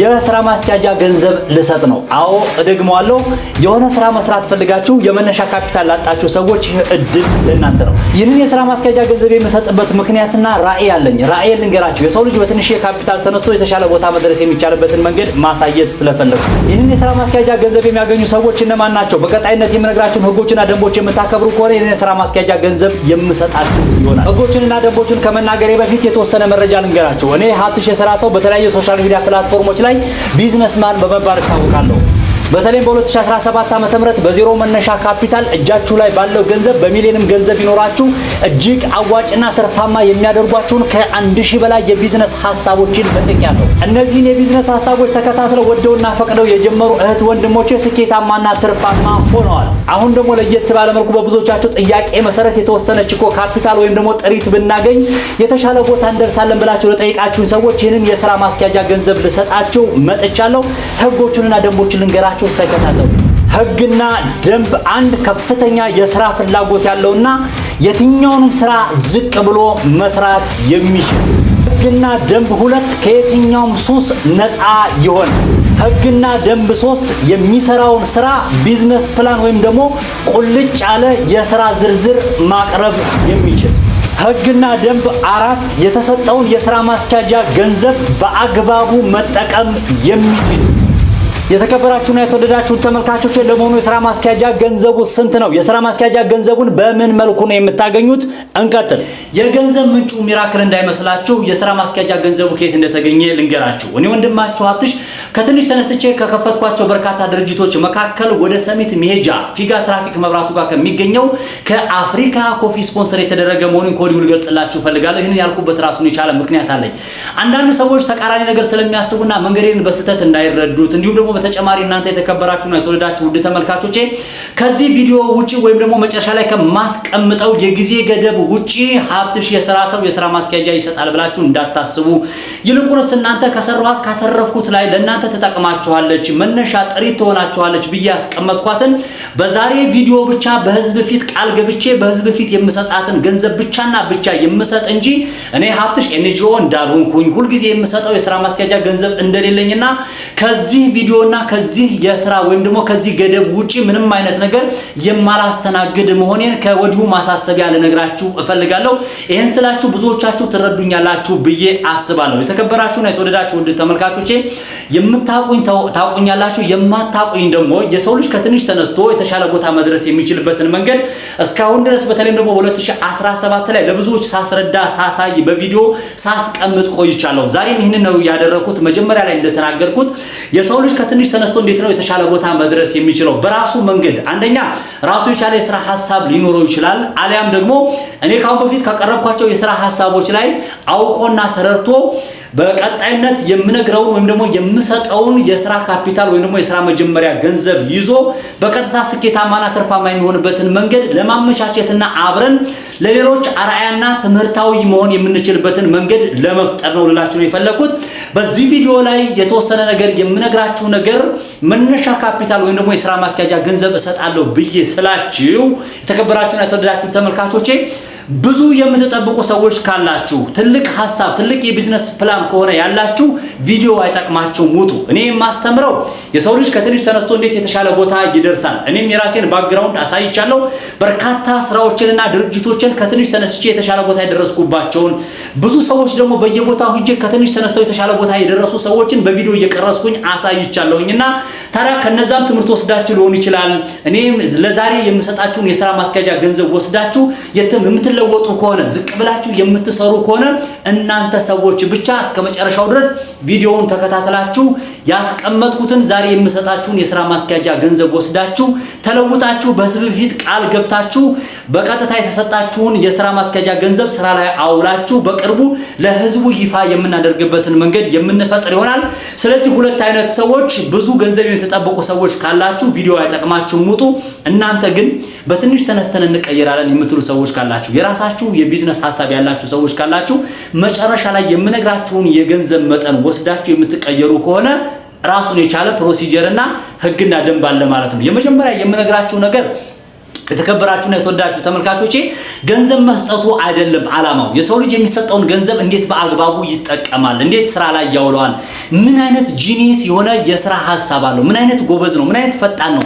የስራ ማስያዣ ገንዘብ ልሰጥ ነው። አዎ እደግመዋለሁ። የሆነ ስራ መስራት ፈልጋችሁ የመነሻ ካፒታል ላጣችሁ ሰዎች ይህ እድል ለእናንተ ነው። ይህንን የስራ ማስያዣ ገንዘብ የምሰጥበት ምክንያትና ራዕይ አለኝ። ራዕይ ልንገራችሁ። የሰው ልጅ በትንሽ የካፒታል ተነስቶ የተሻለ ቦታ መድረስ የሚቻልበትን መንገድ ማሳየት ስለፈለጉ ይህንን የስራ ማስያዣ ገንዘብ የሚያገኙ ሰዎች እነማን ናቸው? በቀጣይነት የምነግራችሁን ህጎችና ደንቦች የምታከብሩ ከሆነ ይህንን የስራ ማስያዣ ገንዘብ የምሰጣችሁ ይሆናል። ህጎችንና ደንቦችን ከመናገሬ በፊት የተወሰነ መረጃ ልንገራችሁ። እኔ ሀብትሽ የስራ ሰው በተለያዩ ሶሻል ሚዲያ ፕላትፎርሞች ላይ ቢዝነስማን በመባል እታወቃለሁ። በተለይም በ2017 ዓ.ም በዜሮ መነሻ ካፒታል እጃችሁ ላይ ባለው ገንዘብ በሚሊዮንም ገንዘብ ይኖራችሁ እጅግ አዋጭና ትርፋማ የሚያደርጓችሁን ከአንድ ሺህ በላይ የቢዝነስ ሀሳቦችን ፈጥኛለሁ። እነዚህን የቢዝነስ ሀሳቦች ተከታትለው ወደውና ፈቅደው የጀመሩ እህት ወንድሞቼ ስኬታማና ትርፋማ ሆነዋል። አሁን ደግሞ ለየት ባለ መልኩ ጥያቄ መሰረት የተወሰነች እኮ ካፒታል ወይም ደግሞ ጥሪት ብናገኝ የተሻለ ቦታ እንደርሳለን ብላችሁ ለጠይቃችሁን ሰዎች ይህንን የስራ ማስኪያጃ ገንዘብ ልሰጣችሁ መጥቻለሁ። ህጎቹንና ደንቦችን ልንገራችሁ ራሳችሁ ተከታተሉ። ህግና ደንብ አንድ ከፍተኛ የስራ ፍላጎት ያለውና የትኛውንም ስራ ዝቅ ብሎ መስራት የሚችል ህግና ደንብ ሁለት ከየትኛውም ሱስ ነፃ የሆነ ህግና ደንብ ሶስት የሚሰራውን ስራ ቢዝነስ ፕላን ወይም ደግሞ ቁልጭ ያለ የስራ ዝርዝር ማቅረብ የሚችል ህግና ደንብ አራት የተሰጠውን የስራ ማስቻጃ ገንዘብ በአግባቡ መጠቀም የሚችል የተከበራችሁና የተወደዳችሁ ተመልካቾች ለመሆኑ የስራ ማስኪያጃ ገንዘቡ ስንት ነው? የስራ ማስኪያጃ ገንዘቡን በምን መልኩ ነው የምታገኙት? እንቀጥል። የገንዘብ ምንጩ ሚራክል እንዳይመስላችሁ የስራ ማስኪያጃ ገንዘቡ ከየት እንደተገኘ ልንገራችሁ። እኔ ወንድማችሁ ሀብትሽ ከትንሽ ተነስቼ ከከፈትኳቸው በርካታ ድርጅቶች መካከል ወደ ሰሚት መሄጃ ፊጋ ትራፊክ መብራቱ ጋር ከሚገኘው ከአፍሪካ ኮፊ ስፖንሰር የተደረገ መሆኑን ከወዲሁ ልገልጽላችሁ እፈልጋለሁ። ይህንን ያልኩበት ራሱን የቻለ ምክንያት አለኝ። አንዳንድ ሰዎች ተቃራኒ ነገር ስለሚያስቡና መንገዴን በስህተት እንዳይረዱት እንዲሁም ደግሞ በተጨማሪ እናንተ የተከበራችሁና የተወደዳችሁ ውድ ተመልካቾቼ ከዚህ ቪዲዮ ውጪ ወይም ደግሞ መጨረሻ ላይ ከማስቀምጠው የጊዜ ገደብ ውጪ ሀብትሽ የስራ ሰው የስራ ማስኪያጃ ይሰጣል ብላችሁ እንዳታስቡ። ይልቁንስ እናንተ ከሰራኋት ካተረፍኩት ላይ ለእናንተ ትጠቅማችኋለች፣ መነሻ ጥሪት ትሆናችኋለች ብዬ ያስቀመጥኳትን በዛሬ ቪዲዮ ብቻ በህዝብ ፊት ቃል ገብቼ በህዝብ ፊት የምሰጣትን ገንዘብ ብቻና ብቻ የምሰጥ እንጂ እኔ ሀብትሽ ኤንጂኦ እንዳልሆንኩኝ ሁልጊዜ የምሰጠው የስራ ማስኪያጃ ገንዘብ እንደሌለኝና ከዚህ ቪዲዮ የምችለውና ከዚህ የስራ ወይም ደግሞ ከዚህ ገደብ ውጪ ምንም አይነት ነገር የማላስተናግድ መሆኔን ከወዲሁ ማሳሰቢያ ልነግራችሁ እፈልጋለሁ። ይህን ስላችሁ ብዙዎቻችሁ ትረዱኛላችሁ ብዬ አስባለሁ። የተከበራችሁና የተወደዳችሁ ውድ ተመልካቾቼ የምታቁኝ ታቁኛላችሁ፣ የማታቁኝ ደግሞ የሰው ልጅ ከትንሽ ተነስቶ የተሻለ ቦታ መድረስ የሚችልበትን መንገድ እስካሁን ድረስ በተለይም ደግሞ 2017 ላይ ለብዙዎች ሳስረዳ ሳሳይ በቪዲዮ ሳስቀምጥ ቆይቻለሁ። ዛሬም ይህንን ነው ያደረኩት። መጀመሪያ ላይ እንደተናገርኩት የሰው ልጅ ከትንሽ ተነስቶ እንዴት ነው የተሻለ ቦታ መድረስ የሚችለው? በራሱ መንገድ አንደኛ ራሱ የቻለ የስራ ሀሳብ ሊኖረው ይችላል። አሊያም ደግሞ እኔ ካሁን በፊት ካቀረብኳቸው የስራ ሀሳቦች ላይ አውቆና ተረድቶ በቀጣይነት የምነግረውን ወይም ደግሞ የምሰጠውን የስራ ካፒታል ወይም ደግሞ የስራ መጀመሪያ ገንዘብ ይዞ በቀጥታ ስኬታማና ትርፋማ የሚሆንበትን መንገድ ለማመቻቸትና አብረን ለሌሎች አርአያና ትምህርታዊ መሆን የምንችልበትን መንገድ ለመፍጠር ነው ልላችሁ ነው የፈለኩት። በዚህ ቪዲዮ ላይ የተወሰነ ነገር የምነግራችሁ ነገር መነሻ ካፒታል ወይም ደግሞ የስራ ማስኪያጃ ገንዘብ እሰጣለሁ ብዬ ስላችሁ የተከበራችሁና የተወደዳችሁ ተመልካቾቼ ብዙ የምትጠብቁ ሰዎች ካላችሁ ትልቅ ሀሳብ፣ ትልቅ የቢዝነስ ፕላን ከሆነ ያላችሁ ቪዲዮ አይጠቅማችሁ ሙቱ። እኔ የማስተምረው የሰው ልጅ ከትንሽ ተነስቶ እንዴት የተሻለ ቦታ ይደርሳል። እኔም የራሴን ባክግራውንድ አሳይቻለሁ። በርካታ ስራዎችንና ድርጅቶችን ከትንሽ ተነስቼ የተሻለ ቦታ የደረስኩባቸውን ብዙ ሰዎች ደግሞ በየቦታው ሂጄ ከትንሽ ተነስተው የተሻለ ቦታ የደረሱ ሰዎችን በቪዲዮ እየቀረስኩኝ አሳይቻለሁኝና ታዲያ ከነዛም ትምህርት ወስዳችሁ ሊሆን ይችላል። እኔም ለዛሬ የምሰጣችሁን የስራ ማስኪያጃ ገንዘብ ወስዳችሁ የትም የምትለወጡ ከሆነ ዝቅ ብላችሁ የምትሰሩ ከሆነ እናንተ ሰዎች ብቻ እስከ መጨረሻው ድረስ ቪዲዮውን ተከታተላችሁ ያስቀመጥኩትን ዛሬ የምሰጣችሁን የስራ ማስኪያጃ ገንዘብ ወስዳችሁ ተለውጣችሁ በህዝብ ፊት ቃል ገብታችሁ በቀጥታ የተሰጣችሁን የስራ ማስኪያጃ ገንዘብ ስራ ላይ አውላችሁ በቅርቡ ለህዝቡ ይፋ የምናደርግበትን መንገድ የምንፈጥር ይሆናል። ስለዚህ ሁለት አይነት ሰዎች ብዙ ገንዘብ የተጠበቁ ሰዎች ካላችሁ ቪዲዮ አይጠቅማችሁም ውጡ። እናንተ ግን በትንሽ ተነስተን እንቀየራለን የምትሉ ሰዎች ካላችሁ የራሳችሁ የቢዝነስ ሀሳብ ያላችሁ ሰዎች ካላችሁ መጨረሻ ላይ የምነግራችሁን የገንዘብ መጠን ወስዳችሁ የምትቀየሩ ከሆነ ራሱን የቻለ ፕሮሲጀር እና ህግና ደንብ አለ ማለት ነው። የመጀመሪያ የምነግራችሁ ነገር የተከበራችሁና የተወዳችሁ ተመልካቾቼ ገንዘብ መስጠቱ አይደለም ዓላማው። የሰው ልጅ የሚሰጠውን ገንዘብ እንዴት በአግባቡ ይጠቀማል? እንዴት ስራ ላይ ያውለዋል? ምን አይነት ጂኒስ የሆነ የስራ ሀሳብ አለው? ምን አይነት ጎበዝ ነው? ምን አይነት ፈጣን ነው?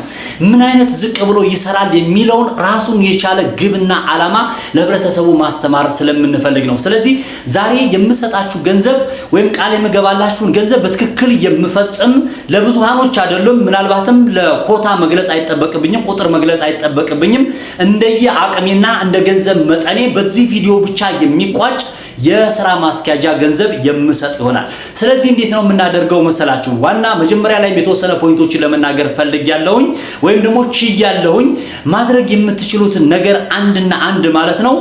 ምን አይነት ዝቅ ብሎ ይሰራል? የሚለውን ራሱን የቻለ ግብና ዓላማ ለህብረተሰቡ ማስተማር ስለምንፈልግ ነው። ስለዚህ ዛሬ የምሰጣችሁ ገንዘብ ወይም ቃል የምገባላችሁን ገንዘብ በትክክል የምፈጽም ለብዙሃኖች አይደለም። ምናልባትም ለኮታ መግለጽ አይጠበቅብኝም፣ ቁጥር መግለጽ አይጠበቅብኝም የለኝም። እንደየ አቅሜና እንደ ገንዘብ መጠኔ በዚህ ቪዲዮ ብቻ የሚቋጭ የስራ ማስኪያጃ ገንዘብ የምሰጥ ይሆናል። ስለዚህ እንዴት ነው የምናደርገው መሰላችሁ? ዋና መጀመሪያ ላይ የተወሰነ ፖይንቶችን ለመናገር ፈልግ ያለሁኝ ወይም ደግሞ ቺ ያለሁኝ ማድረግ የምትችሉትን ነገር አንድና አንድ ማለት ነው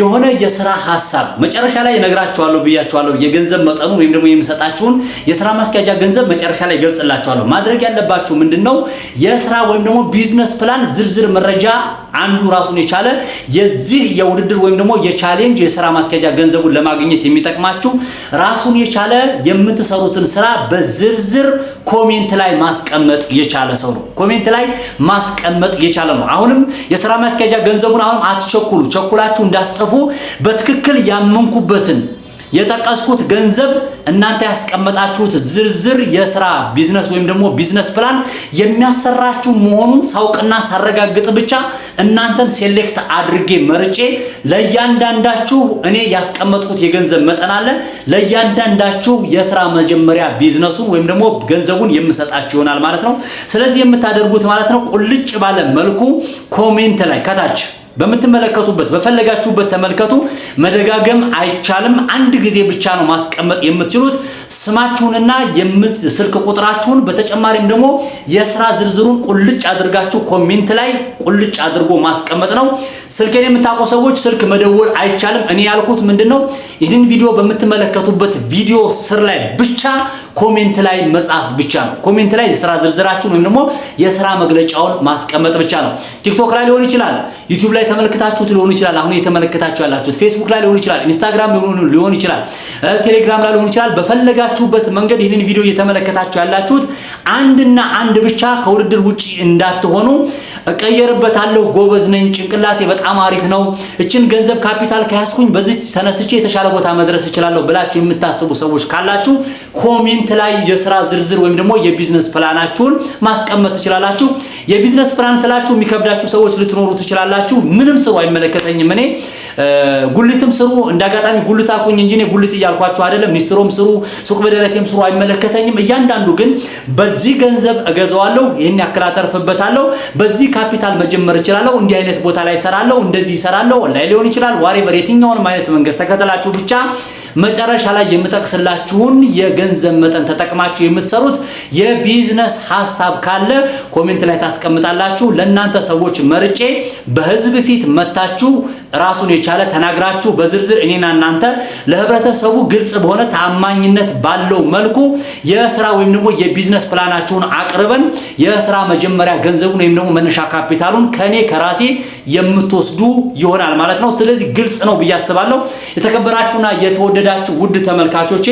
የሆነ የስራ ሀሳብ መጨረሻ ላይ ነግራችኋለሁ፣ ብያችኋለሁ። የገንዘብ መጠኑ ወይም ደግሞ የምሰጣችሁን የስራ ማስኪያጃ ገንዘብ መጨረሻ ላይ ገልጽላችኋለሁ። ማድረግ ያለባችሁ ምንድነው የስራ ወይም ደግሞ ቢዝነስ ፕላን ዝርዝር መረጃ አንዱ ራሱን የቻለ የዚህ የውድድር ወይም ደግሞ የቻሌንጅ የስራ ማስኪያጃ ገንዘቡን ለማግኘት የሚጠቅማችሁ ራሱን የቻለ የምትሰሩትን ስራ በዝርዝር ኮሜንት ላይ ማስቀመጥ የቻለ ሰው ነው። ኮሜንት ላይ ማስቀመጥ የቻለ ነው። አሁንም የስራ ማስኪያጃ ገንዘቡን አሁንም አትቸኩሉ። ቸኩላችሁ እንዳትጽፉ በትክክል ያመንኩበትን የጠቀስኩት ገንዘብ እናንተ ያስቀመጣችሁት ዝርዝር የስራ ቢዝነስ ወይም ደግሞ ቢዝነስ ፕላን የሚያሰራችሁ መሆኑን ሳውቅና ሳረጋግጥ ብቻ እናንተን ሴሌክት አድርጌ መርጬ ለእያንዳንዳችሁ እኔ ያስቀመጥኩት የገንዘብ መጠን አለ። ለእያንዳንዳችሁ የስራ መጀመሪያ ቢዝነሱን ወይም ደግሞ ገንዘቡን የምሰጣችሁ ይሆናል ማለት ነው። ስለዚህ የምታደርጉት ማለት ነው ቁልጭ ባለ መልኩ ኮሜንት ላይ ከታች በምትመለከቱበት በፈለጋችሁበት ተመልከቱ። መደጋገም አይቻልም። አንድ ጊዜ ብቻ ነው ማስቀመጥ የምትችሉት። ስማችሁንና ስልክ ቁጥራችሁን በተጨማሪም ደግሞ የስራ ዝርዝሩን ቁልጭ አድርጋችሁ ኮሜንት ላይ ቁልጭ አድርጎ ማስቀመጥ ነው። ስልኬን የምታውቁ ሰዎች ስልክ መደወል አይቻልም። እኔ ያልኩት ምንድን ነው? ይህንን ቪዲዮ በምትመለከቱበት ቪዲዮ ስር ላይ ብቻ ኮሜንት ላይ መጻፍ ብቻ ነው። ኮሜንት ላይ የስራ ዝርዝራችሁን ወይም ደግሞ የስራ መግለጫውን ማስቀመጥ ብቻ ነው። ቲክቶክ ላይ ሊሆን ይችላል፣ ዩቲዩብ ላይ ተመልክታችሁት ሊሆን ይችላል፣ አሁን እየተመለከታችሁ ያላችሁት ፌስቡክ ላይ ሊሆን ይችላል፣ ኢንስታግራም ሊሆን ይችላል፣ ቴሌግራም ላይ ሊሆን ይችላል። በፈለጋችሁበት መንገድ ይህንን ቪዲዮ እየተመለከታችሁ ያላችሁት አንድና አንድ ብቻ ከውድድር ውጪ እንዳትሆኑ እቀየርበታለሁ፣ ጎበዝ ነኝ፣ ጭንቅላቴ በጣም አሪፍ ነው፣ እችን ገንዘብ ካፒታል ከያዝኩኝ በዚህ ተነስቼ የተሻለ ቦታ መድረስ እችላለሁ ብላችሁ የምታስቡ ሰዎች ካላችሁ ኮሜንት ላይ የስራ ዝርዝር ወይም ደግሞ የቢዝነስ ፕላናችሁን ማስቀመጥ ትችላላችሁ። የቢዝነስ ፕላን ስላችሁ የሚከብዳችሁ ሰዎች ልትኖሩ ትችላላችሁ። ምንም ስሩ፣ አይመለከተኝም። እኔ ጉልትም ስሩ፣ እንዳጋጣሚ ጉልት አልኩኝ እንጂ እኔ ጉልት እያልኳችሁ አይደለም። ሚስትሮም ስሩ፣ ሱቅ በደረቴም ስሩ፣ አይመለከተኝም። እያንዳንዱ ግን በዚህ ገንዘብ እገዛዋለሁ፣ ይህን ያክል አተርፍበታለሁ፣ በዚህ ካፒታል መጀመር እችላለሁ። እንዲህ አይነት ቦታ ላይ እሰራለሁ፣ እንደዚህ እሰራለሁ፣ ኦንላይን ሊሆን ይችላል፣ ዋሬቨር የትኛውንም አይነት መንገድ ተከተላችሁ ብቻ መጨረሻ ላይ የምጠቅስላችሁን የገንዘብ መጠን ተጠቅማችሁ የምትሰሩት የቢዝነስ ሀሳብ ካለ ኮሜንት ላይ ታስቀምጣላችሁ። ለእናንተ ሰዎች መርጬ በህዝብ ፊት መታችሁ ራሱን የቻለ ተናግራችሁ በዝርዝር እኔና እናንተ ለህብረተሰቡ ግልጽ በሆነ ታማኝነት ባለው መልኩ የስራ ወይም ደግሞ የቢዝነስ ፕላናችሁን አቅርበን የስራ መጀመሪያ ገንዘቡን ወይም ደግሞ መነሻ ካፒታሉን ከኔ ከራሴ የምትወስዱ ይሆናል ማለት ነው። ስለዚህ ግልጽ ነው ብዬ አስባለሁ። የተከበራችሁና የተወደዳችሁ ውድ ተመልካቾቼ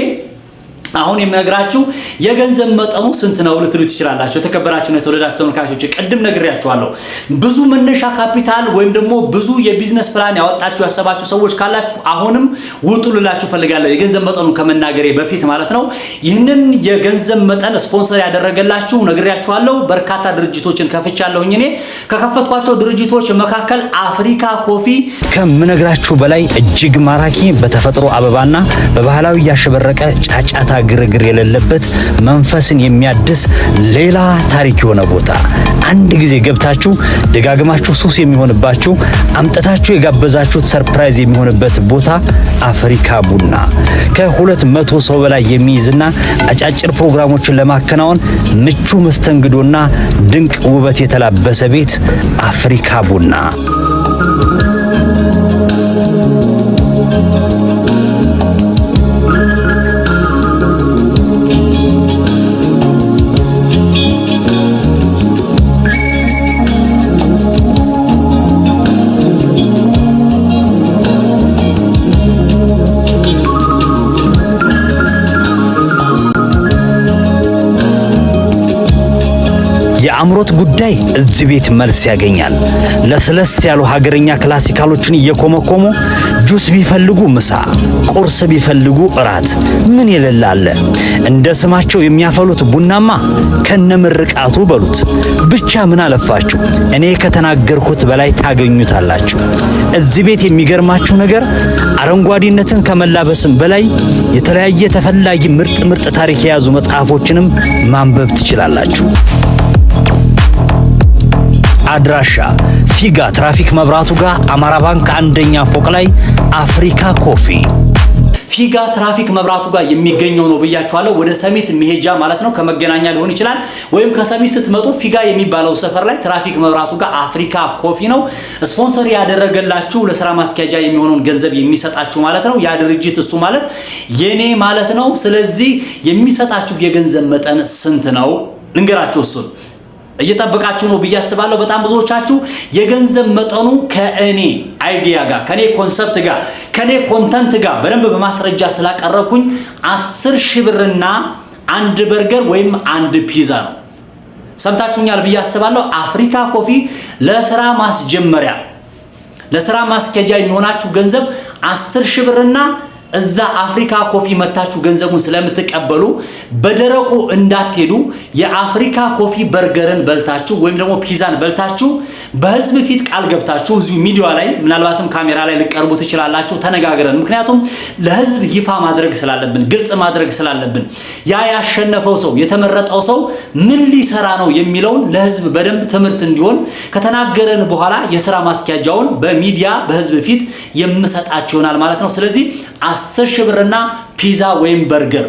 አሁን የምነግራችሁ የገንዘብ መጠኑ ስንት ነው ልትሉ ትችላላችሁ። የተከበራችሁ ነው የተወደዳችሁ ተመልካቾች፣ ቅድም ነግሬያችኋለሁ። ብዙ መነሻ ካፒታል ወይም ደግሞ ብዙ የቢዝነስ ፕላን ያወጣችሁ ያሰባችሁ ሰዎች ካላችሁ አሁንም ውጡ ልላችሁ ፈልጋለሁ። የገንዘብ መጠኑ ከመናገሬ በፊት ማለት ነው። ይህንን የገንዘብ መጠን ስፖንሰር ያደረገላችሁ ነግሬያችኋለሁ። በርካታ ድርጅቶችን ከፍቻለሁኝ። እኔ ከከፈትኳቸው ድርጅቶች መካከል አፍሪካ ኮፊ ከምነግራችሁ በላይ እጅግ ማራኪ በተፈጥሮ አበባና በባህላዊ ያሸበረቀ ጫጫታ ግርግር የሌለበት መንፈስን የሚያድስ ሌላ ታሪክ የሆነ ቦታ አንድ ጊዜ ገብታችሁ ደጋግማችሁ ሱስ የሚሆንባችሁ አምጠታችሁ የጋበዛችሁት ሰርፕራይዝ የሚሆንበት ቦታ አፍሪካ ቡና ከሁለት መቶ ሰው በላይ የሚይዝና አጫጭር ፕሮግራሞችን ለማከናወን ምቹ መስተንግዶና ድንቅ ውበት የተላበሰ ቤት አፍሪካ ቡና ጉዳይ እዚህ ቤት መልስ ያገኛል። ለስለስ ያሉ ሀገርኛ ክላሲካሎችን እየኮመኮሙ ጁስ ቢፈልጉ ምሳ፣ ቁርስ ቢፈልጉ እራት፣ ምን ይልላለ። እንደ ስማቸው የሚያፈሉት ቡናማ ከነምርቃቱ በሉት። ብቻ ምን አለፋችሁ እኔ ከተናገርኩት በላይ ታገኙታላችሁ። እዚህ ቤት የሚገርማችሁ ነገር አረንጓዴነትን ከመላበስም በላይ የተለያየ ተፈላጊ ምርጥ ምርጥ ታሪክ የያዙ መጽሐፎችንም ማንበብ ትችላላችሁ። አድራሻ ፊጋ ትራፊክ መብራቱ ጋር አማራ ባንክ አንደኛ ፎቅ ላይ አፍሪካ ኮፊ ፊጋ ትራፊክ መብራቱ ጋር የሚገኘው ነው ብያችኋለሁ። ወደ ሰሚት መሄጃ ማለት ነው። ከመገናኛ ሊሆን ይችላል ወይም ከሰሚት ስትመጡ ፊጋ የሚባለው ሰፈር ላይ ትራፊክ መብራቱ ጋር አፍሪካ ኮፊ ነው ስፖንሰር ያደረገላችሁ ለስራ ማስኪያጃ የሚሆነውን ገንዘብ የሚሰጣችሁ ማለት ነው። ያ ድርጅት እሱ ማለት የኔ ማለት ነው። ስለዚህ የሚሰጣችሁ የገንዘብ መጠን ስንት ነው? ልንገራችሁ እሱን እየጠበቃችሁ ነው ብዬ አስባለሁ። በጣም ብዙዎቻችሁ የገንዘብ መጠኑ ከእኔ አይዲያ ጋር ከኔ ኮንሰፕት ጋር ከኔ ኮንተንት ጋር በደንብ በማስረጃ ስላቀረብኩኝ አስር ሺህ ብርና አንድ በርገር ወይም አንድ ፒዛ ነው። ሰምታችሁኛል ብዬ አስባለሁ። አፍሪካ ኮፊ ለስራ ማስጀመሪያ ለስራ ማስኬጃ የሚሆናችሁ ገንዘብ አስር ሺህ ብርና እዛ አፍሪካ ኮፊ መታችሁ ገንዘቡን ስለምትቀበሉ በደረቁ እንዳትሄዱ የአፍሪካ ኮፊ በርገርን በልታችሁ ወይም ደግሞ ፒዛን በልታችሁ በህዝብ ፊት ቃል ገብታችሁ እዚሁ ሚዲያ ላይ ምናልባትም ካሜራ ላይ ልቀርቡ ትችላላችሁ። ተነጋግረን ምክንያቱም ለህዝብ ይፋ ማድረግ ስላለብን ግልጽ ማድረግ ስላለብን ያ ያሸነፈው ሰው የተመረጠው ሰው ምን ሊሰራ ነው የሚለውን ለህዝብ በደንብ ትምህርት እንዲሆን ከተናገረን በኋላ የስራ ማስኪያጃውን በሚዲያ በህዝብ ፊት የምሰጣችሁ ይሆናል ማለት ነው። ስለዚህ አስር ሺህ ብርና ፒዛ ወይም በርገር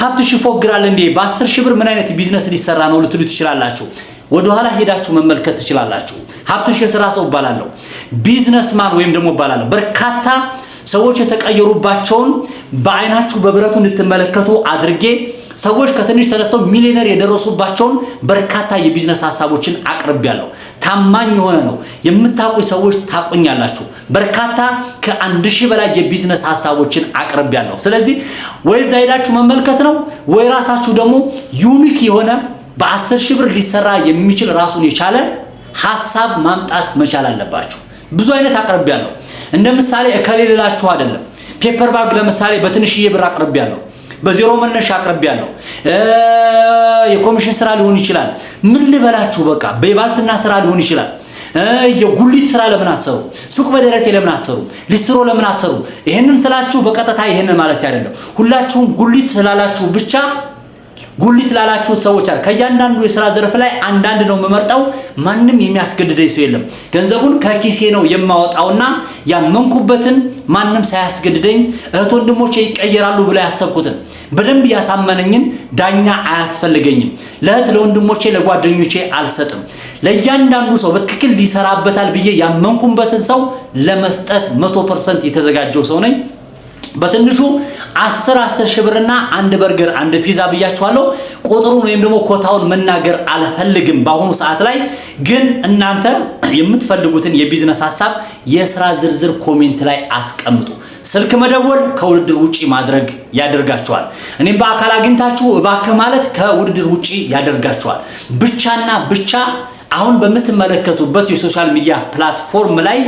ሀብትሽ ይፎግራል እንዴ? በአስር ሺህ ብር ምን አይነት ቢዝነስ ሊሰራ ነው ልትሉ ትችላላችሁ። ወደኋላ ሄዳችሁ መመልከት ትችላላችሁ። ሀብትሽ የስራ ሰው እባላለሁ፣ ቢዝነስማን ወይም ደግሞ እባላለሁ። በርካታ ሰዎች የተቀየሩባቸውን በአይናችሁ በብረቱ እንድትመለከቱ አድርጌ ሰዎች ከትንሽ ተነስተው ሚሊዮነር የደረሱባቸውን በርካታ የቢዝነስ ሀሳቦችን አቅርቤያለሁ። ታማኝ የሆነ ነው። የምታውቁኝ ሰዎች ታቆኛላችሁ። በርካታ ከአንድ ሺህ በላይ የቢዝነስ ሀሳቦችን አቅርቤያለሁ። ስለዚህ ወይ እዛ ሄዳችሁ መመልከት ነው ወይ ራሳችሁ ደግሞ ዩኒክ የሆነ በአስር ሺህ ብር ሊሰራ የሚችል ራሱን የቻለ ሀሳብ ማምጣት መቻል አለባችሁ። ብዙ አይነት አቅርቤያለሁ። እንደ ምሳሌ እከሌ ልላችሁ አይደለም። ፔፐር ባግ ለምሳሌ በትንሽዬ ብር አቅርቤያለሁ። በዜሮ መነሻ አቅርቤያለሁ። የኮሚሽን ስራ ሊሆን ይችላል። ምን ልበላችሁ፣ በቃ በባልትና ስራ ሊሆን ይችላል። የጉሊት ስራ ለምን አትሰሩ? ሱቅ በደረቴ ለምን አትሰሩ? ሊስትሮ ለምን አትሰሩ? ይህንን ስላችሁ በቀጥታ ይህንን ማለት አይደለም። ሁላችሁም ጉሊት ስላላችሁ ብቻ ጉሊት ላላችሁት ሰዎች አለ ከእያንዳንዱ የስራ ዘርፍ ላይ አንዳንድ ነው የምመርጠው። ማንም የሚያስገድደኝ ሰው የለም። ገንዘቡን ከኪሴ ነው የማወጣውና ያመንኩበትን ማንም ሳያስገድደኝ እህት ወንድሞቼ ይቀየራሉ ብለ ያሰብኩትን በደንብ ያሳመነኝን ዳኛ አያስፈልገኝም። ለእህት ለወንድሞቼ፣ ለጓደኞቼ አልሰጥም። ለእያንዳንዱ ሰው በትክክል ሊሰራበታል ብዬ ያመንኩበትን ሰው ለመስጠት መቶ ፐርሰንት የተዘጋጀው ሰው ነኝ። በትንሹ 10 10 ሺህ ብርና አንድ በርገር አንድ ፒዛ ብያችኋለሁ። ቁጥሩን ወይም ደግሞ ኮታውን መናገር አልፈልግም በአሁኑ ሰዓት ላይ ግን እናንተ የምትፈልጉትን የቢዝነስ ሀሳብ የስራ ዝርዝር ኮሜንት ላይ አስቀምጡ። ስልክ መደወል ከውድድር ውጪ ማድረግ ያደርጋቸዋል። እኔም በአካል አግኝታችሁ እባክህ ማለት ከውድድር ውጪ ያደርጋቸዋል። ብቻና ብቻ አሁን በምትመለከቱበት የሶሻል ሚዲያ ፕላትፎርም ላይ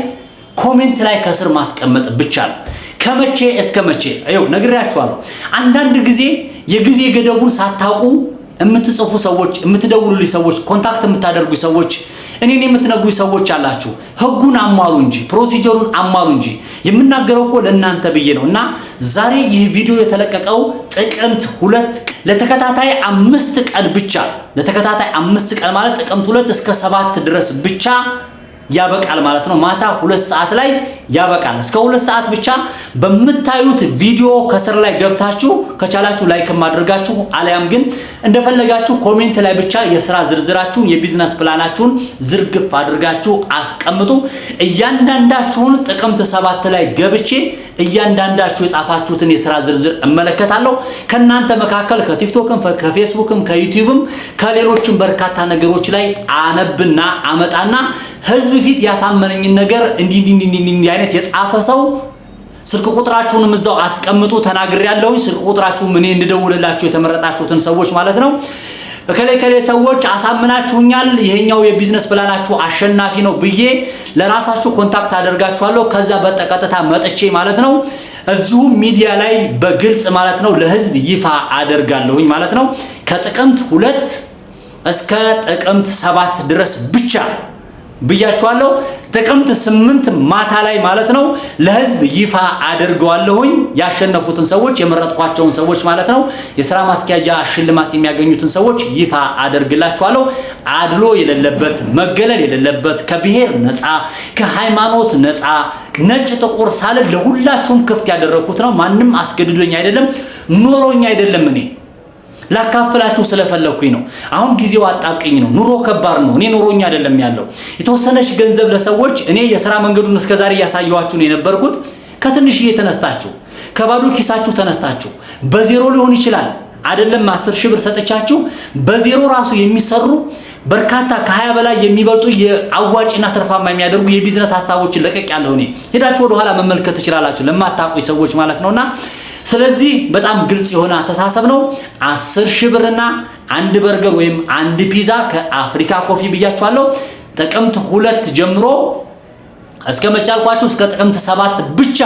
ኮሜንት ላይ ከስር ማስቀመጥ ብቻ ነው። ከመቼ እስከ መቼ ይኸው ነግሬያችኋለሁ። አንዳንድ ጊዜ የጊዜ ገደቡን ሳታውቁ የምትጽፉ ሰዎች፣ የምትደውሉልኝ ሰዎች፣ ኮንታክት የምታደርጉ ሰዎች፣ እኔን የምትነግሩ ሰዎች አላችሁ። ህጉን አሟሉ እንጂ ፕሮሲጀሩን አሟሉ እንጂ የምናገረው እኮ ለእናንተ ብዬ ነው። እና ዛሬ ይህ ቪዲዮ የተለቀቀው ጥቅምት ሁለት ለተከታታይ አምስት ቀን ብቻ ለተከታታይ አምስት ቀን ማለት ጥቅምት ሁለት እስከ ሰባት ድረስ ብቻ ያበቃል ማለት ነው። ማታ ሁለት ሰዓት ላይ ያበቃል። እስከ ሁለት ሰዓት ብቻ በምታዩት ቪዲዮ ከስር ላይ ገብታችሁ ከቻላችሁ ላይክ ማድረጋችሁ አሊያም ግን እንደፈለጋችሁ ኮሜንት ላይ ብቻ የስራ ዝርዝራችሁን የቢዝነስ ፕላናችሁን ዝርግፍ አድርጋችሁ አስቀምጡ። እያንዳንዳችሁን ጥቅምት ሰባት ላይ ገብቼ እያንዳንዳችሁ የጻፋችሁትን የስራ ዝርዝር እመለከታለሁ። ከእናንተ መካከል ከቲክቶክም ከፌስቡክም ከዩቲዩብም ከሌሎችም በርካታ ነገሮች ላይ አነብና አመጣና ህዝብ ፊት ያሳመነኝን ነገር እንዲህ እንዲህ እንዲህ አይነት የጻፈ ሰው ስልክ ቁጥራችሁንም እዛው አስቀምጡ። ተናግሬ ያለውኝ ስልክ ቁጥራችሁም እኔ እንድደውልላችሁ የተመረጣችሁትን ሰዎች ማለት ነው። እከሌ ከሌ ሰዎች አሳምናችሁኛል፣ ይሄኛው የቢዝነስ ፕላናችሁ አሸናፊ ነው ብዬ ለራሳችሁ ኮንታክት አደርጋችኋለሁ። ከዛ በቀጥታ መጥቼ ማለት ነው እዚሁ ሚዲያ ላይ በግልጽ ማለት ነው ለህዝብ ይፋ አደርጋለሁኝ ማለት ነው። ከጥቅምት ሁለት እስከ ጥቅምት ሰባት ድረስ ብቻ ብያችኋለሁ። ጥቅምት ስምንት ማታ ላይ ማለት ነው ለህዝብ ይፋ አድርገዋለሁኝ። ያሸነፉትን ሰዎች የመረጥኳቸውን ሰዎች ማለት ነው የስራ ማስኪያጃ ሽልማት የሚያገኙትን ሰዎች ይፋ አደርግላችኋለሁ። አድሎ የሌለበት መገለል የሌለበት ከብሔር ነፃ ከሃይማኖት ነፃ ነጭ ጥቁር ሳልል ለሁላችሁም ክፍት ያደረግኩት ነው። ማንም አስገድዶኝ አይደለም ኖሮኝ አይደለም እኔ ላካፍላችሁ ስለፈለግኩኝ ነው። አሁን ጊዜው አጣብቀኝ ነው። ኑሮ ከባድ ነው። እኔ ኑሮኛ አይደለም ያለው የተወሰነች ገንዘብ ለሰዎች እኔ የስራ መንገዱን እስከዛሬ እያሳየኋችሁ ነው የነበርኩት። ከትንሽዬ ተነስታችሁ ከባዶ ኪሳችሁ ተነስታችሁ በዜሮ ሊሆን ይችላል አይደለም አስር ሺህ ብር ሰጥቻችሁ በዜሮ ራሱ የሚሰሩ በርካታ ከሀያ በላይ የሚበልጡ የአዋጭና ትርፋማ የሚያደርጉ የቢዝነስ ሀሳቦችን ለቀቅ ያለው እኔ ሄዳችሁ ወደኋላ መመልከት ትችላላችሁ፣ ለማታውቁ ሰዎች ማለት ነውና ስለዚህ በጣም ግልጽ የሆነ አስተሳሰብ ነው። አስር ሺህ ብርና አንድ በርገር ወይም አንድ ፒዛ ከአፍሪካ ኮፊ ብያችኋለሁ። ጥቅምት ሁለት ጀምሮ እስከ መቻልኳችሁ እስከ ጥቅምት ሰባት ብቻ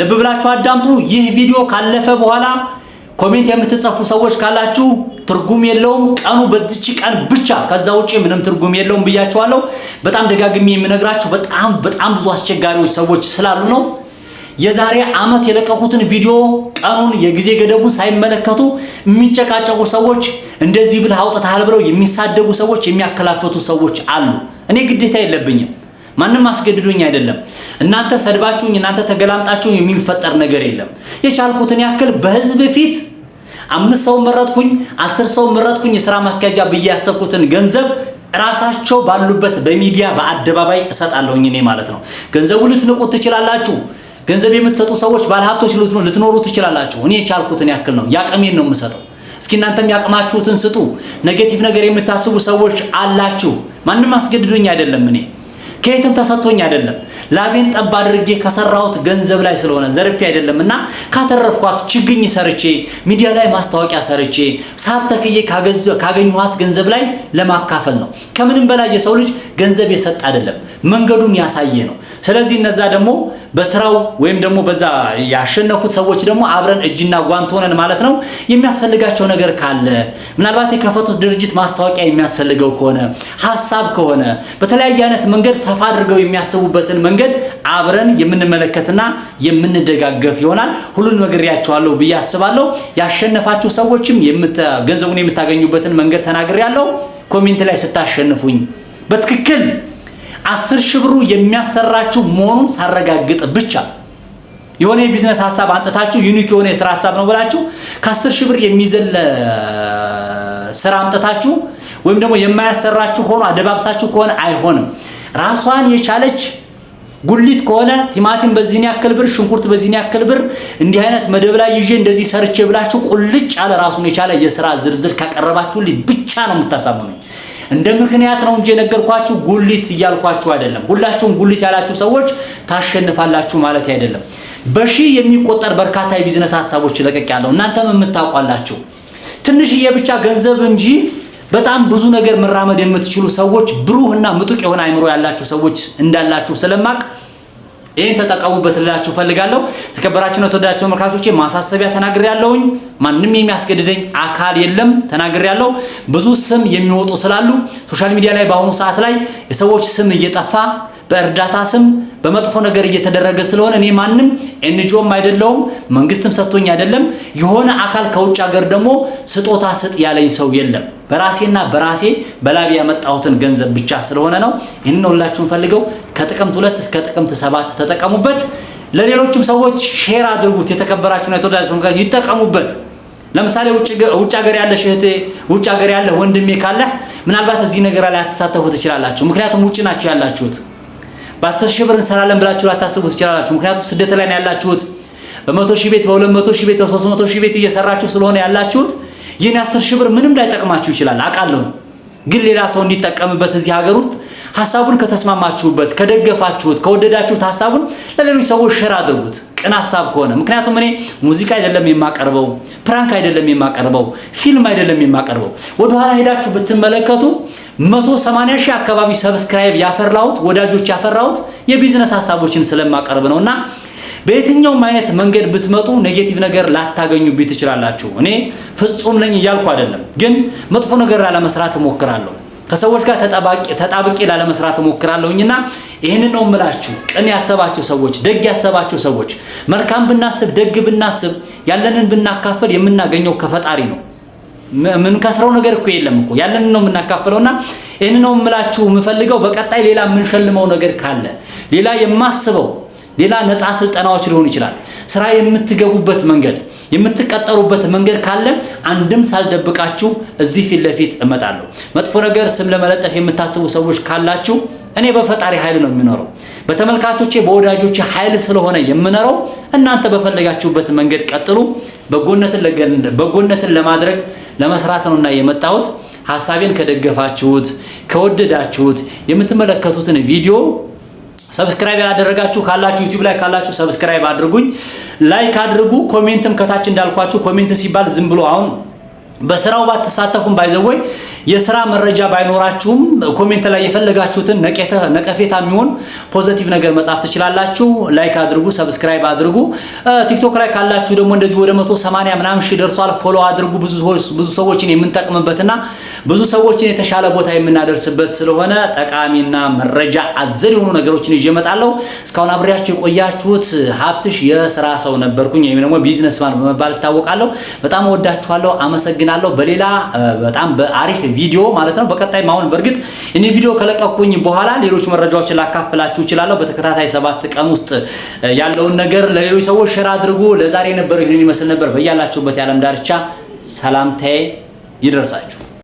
ልብ ብላችሁ አዳምጡ። ይህ ቪዲዮ ካለፈ በኋላ ኮሜንት የምትጽፉ ሰዎች ካላችሁ ትርጉም የለውም፣ ቀኑ በዚች ቀን ብቻ፣ ከዛ ውጪ ምንም ትርጉም የለውም ብያችኋለሁ። በጣም ደጋግሜ የምነግራችሁ በጣም በጣም ብዙ አስቸጋሪዎች ሰዎች ስላሉ ነው። የዛሬ ዓመት የለቀቁትን ቪዲዮ ቀኑን የጊዜ ገደቡን ሳይመለከቱ የሚጨቃጨቁ ሰዎች፣ እንደዚህ ብለህ አውጥተሃል ብለው የሚሳደቡ ሰዎች፣ የሚያከላፈቱ ሰዎች አሉ። እኔ ግዴታ የለብኝም። ማንም አስገድዶኝ አይደለም። እናንተ ሰድባችሁኝ፣ እናንተ ተገላምጣችሁኝ የሚፈጠር ነገር የለም። የቻልኩትን ያክል በህዝብ ፊት አምስት ሰው መረጥኩኝ፣ አስር ሰው መረጥኩኝ፣ የስራ ማስኪያጃ ብዬ ያሰብኩትን ገንዘብ ራሳቸው ባሉበት በሚዲያ በአደባባይ እሰጣለሁኝ እኔ ማለት ነው። ገንዘቡ ልትንቁት ትችላላችሁ። ገንዘብ የምትሰጡ ሰዎች ባለሀብቶች ልትኖሩ ትችላላችሁ። እኔ የቻልኩትን ያክል ነው፣ ያቅሜን ነው የምሰጠው። እስኪ እናንተም ያቅማችሁትን ስጡ። ኔጌቲቭ ነገር የምታስቡ ሰዎች አላችሁ። ማንም አስገድዶኝ አይደለም፣ እኔ ከየትም ተሰጥቶኝ አይደለም። ላቤን ጠብ አድርጌ ከሰራሁት ገንዘብ ላይ ስለሆነ ዘርፌ አይደለም እና ካተረፍኳት ችግኝ ሰርቼ ሚዲያ ላይ ማስታወቂያ ሰርቼ ሳር ተክዬ ካገኘኋት ገንዘብ ላይ ለማካፈል ነው። ከምንም በላይ የሰው ልጅ ገንዘብ የሰጥ አይደለም፣ መንገዱን ያሳየ ነው። ስለዚህ እነዛ ደግሞ በስራው ወይም ደግሞ በዛ ያሸነፉት ሰዎች ደግሞ አብረን እጅና ጓንት ሆነን ማለት ነው የሚያስፈልጋቸው ነገር ካለ ምናልባት የከፈቱት ድርጅት ማስታወቂያ የሚያስፈልገው ከሆነ ሀሳብ ከሆነ በተለያየ አይነት መንገድ ሰፋ አድርገው የሚያስቡበትን መንገድ አብረን የምንመለከትና የምንደጋገፍ ይሆናል። ሁሉን ነግሬያቸዋለሁ ብዬ አስባለሁ። ያሸነፋችሁ ሰዎችም ገንዘቡን የምታገኙበትን መንገድ ተናግሬያለሁ። ኮሜንት ላይ ስታሸንፉኝ በትክክል አስር ሺህ ብሩ የሚያሰራችሁ መሆኑን ሳረጋግጥ ብቻ የሆነ የቢዝነስ ሀሳብ አንጥታችሁ ዩኒክ የሆነ የስራ ሀሳብ ነው ብላችሁ ከአስር ሺህ ብር የሚዘለ ስራ አምጥታችሁ ወይም ደግሞ የማያሰራችሁ ሆኖ አደባብሳችሁ ከሆነ አይሆንም። ራሷን የቻለች ጉሊት ከሆነ ቲማቲም በዚህን ያክል ብር፣ ሽንኩርት በዚህን ያክል ብር፣ እንዲህ አይነት መደብ ላይ ይዤ እንደዚህ ሰርቼ ብላችሁ ቁልጭ ያለ ራሱን የቻለ የስራ ዝርዝር ካቀረባችሁልኝ ብቻ ነው የምታሳምኑኝ። እንደ ምክንያት ነው እንጂ የነገርኳችሁ ጉሊት እያልኳችሁ አይደለም። ሁላችሁም ጉሊት ያላችሁ ሰዎች ታሸንፋላችሁ ማለት አይደለም። በሺህ የሚቆጠር በርካታ የቢዝነስ ሀሳቦች ለቀቅ ያለው እናንተም የምታውቋላችሁ። ትንሽዬ ብቻ ገንዘብ እንጂ በጣም ብዙ ነገር መራመድ የምትችሉ ሰዎች፣ ብሩህና ምጡቅ የሆነ አይምሮ ያላችሁ ሰዎች እንዳላችሁ ስለማቅ ይህን ተጠቀሙበት ልላችሁ ፈልጋለሁ። ተከበራችሁና ተወዳችሁ መልካቶቼ ማሳሰቢያ ተናግሬ ያለሁኝ ማንም የሚያስገድደኝ አካል የለም። ተናግሬ ያለው ብዙ ስም የሚወጡ ስላሉ ሶሻል ሚዲያ ላይ በአሁኑ ሰዓት ላይ የሰዎች ስም እየጠፋ በእርዳታ ስም በመጥፎ ነገር እየተደረገ ስለሆነ እኔ ማንም ኤንጂኦም አይደለውም መንግስትም ሰጥቶኝ አይደለም። የሆነ አካል ከውጭ ሀገር ደግሞ ስጦታ ስጥ ያለኝ ሰው የለም። በራሴና በራሴ በላቢ ያመጣሁትን ገንዘብ ብቻ ስለሆነ ነው። ይህንን ሁላችሁን ፈልገው ከጥቅምት ሁለት እስከ ጥቅምት ሰባት ተጠቀሙበት። ለሌሎችም ሰዎች ሼር አድርጉት። የተከበራችሁና የተወዳጅ ይጠቀሙበት። ለምሳሌ ውጭ ሀገር ያለ እህቴ፣ ውጭ ሀገር ያለ ወንድሜ ካለህ ምናልባት እዚህ ነገር ላይ አትሳተፉ ትችላላችሁ። ምክንያቱም ውጭ ናቸው ያላችሁት። በአስር ሺህ ብር እንሰራለን ብላችሁ ላታስቡ ትችላላችሁ። ምክንያቱም ስደት ላይ ነው ያላችሁት። በመቶ ሺህ ቤት፣ በሁለት መቶ ሺህ ቤት፣ በሶስት መቶ ሺህ ቤት እየሰራችሁ ስለሆነ ያላችሁት የኔ አስር ሺህ ብር ምንም ላይጠቅማችሁ ይችላል አውቃለሁ። ግን ሌላ ሰው እንዲጠቀምበት እዚህ ሀገር ውስጥ ሀሳቡን ከተስማማችሁበት፣ ከደገፋችሁት፣ ከወደዳችሁት ሀሳቡን ለሌሎች ሰዎች ሸር አድርጉት። ቅን ሀሳብ ከሆነ ምክንያቱም እኔ ሙዚቃ አይደለም የማቀርበው፣ ፕራንክ አይደለም የማቀርበው፣ ፊልም አይደለም የማቀርበው። ወደኋላ ሄዳችሁ ብትመለከቱ 180 ሺህ አካባቢ ሰብስክራይብ ያፈራሁት ወዳጆች ያፈራሁት የቢዝነስ ሀሳቦችን ስለማቀርብ ነው እና በየትኛውም አይነት መንገድ ብትመጡ ኔጌቲቭ ነገር ላታገኙብኝ ትችላላችሁ። እኔ ፍጹም ነኝ እያልኩ አይደለም፣ ግን መጥፎ ነገር ላለመስራት እሞክራለሁ። ከሰዎች ጋር ተጣብቄ ላለመስራት እሞክራለሁኝና ይህንን ነው የምላችሁ። ቅን ያሰባችሁ ሰዎች፣ ደግ ያሰባችሁ ሰዎች፣ መልካም ብናስብ፣ ደግ ብናስብ፣ ያለንን ብናካፈል የምናገኘው ከፈጣሪ ነው። የምንከስረው ነገር እኮ የለም እኮ ያለንን ነው የምናካፍለውና ይህንን ነው የምላችሁ የምፈልገው። በቀጣይ ሌላ የምንሸልመው ነገር ካለ ሌላ የማስበው ሌላ ነፃ ስልጠናዎች ሊሆን ይችላል። ስራ የምትገቡበት መንገድ፣ የምትቀጠሩበት መንገድ ካለ አንድም ሳልደብቃችሁ እዚህ ፊት ለፊት እመጣለሁ። መጥፎ ነገር ስም ለመለጠፍ የምታስቡ ሰዎች ካላችሁ እኔ በፈጣሪ ኃይል ነው የሚኖረው በተመልካቾቼ በወዳጆቼ ኃይል ስለሆነ የምኖረው። እናንተ በፈለጋችሁበት መንገድ ቀጥሉ። በጎነትን ለማድረግ ለመስራት ነውና የመጣሁት። ሀሳቤን ከደገፋችሁት ከወደዳችሁት የምትመለከቱትን ቪዲዮ ሰብስክራይብ ያላደረጋችሁ ካላችሁ ዩቲዩብ ላይ ካላችሁ ሰብስክራይብ አድርጉኝ፣ ላይክ አድርጉ፣ ኮሜንትም ከታች እንዳልኳችሁ ኮሜንት ሲባል ዝም ብሎ አሁን በስራው ባትሳተፉም ባይዘወይ የስራ መረጃ ባይኖራችሁም ኮሜንት ላይ የፈለጋችሁትን ነቀፌታ የሚሆን ፖዘቲቭ ነገር መጻፍ ትችላላችሁ። ላይክ አድርጉ፣ ሰብስክራይብ አድርጉ። ቲክቶክ ላይ ካላችሁ ደግሞ እንደዚህ ወደ 180 ምናምን ሺህ ደርሷል፣ ፎሎ አድርጉ። ብዙ ሰዎችን የምንጠቅምበትና ብዙ ሰዎችን የተሻለ ቦታ የምናደርስበት ስለሆነ ጠቃሚና መረጃ አዘል የሆኑ ነገሮችን ይዤ እመጣለሁ። እስካሁን አብሬያችሁ የቆያችሁት ሀብትሽ የስራ ሰው ነበርኩኝ ወይም ደግሞ ቢዝነስማን በመባል እታወቃለሁ። በጣም ወዳችኋለሁ። አመሰግናለሁ። ላለው በሌላ በጣም በአሪፍ ቪዲዮ ማለት ነው። በቀጣይ አሁን በእርግጥ እኔ ቪዲዮ ከለቀኩኝ በኋላ ሌሎች መረጃዎችን ላካፍላችሁ እችላለሁ። በተከታታይ ሰባት ቀን ውስጥ ያለውን ነገር ለሌሎች ሰዎች ሸር አድርጉ። ለዛሬ የነበረው ይህንን ይመስል ነበር። በያላችሁበት የዓለም ዳርቻ ሰላምታዬ ይደርሳችሁ።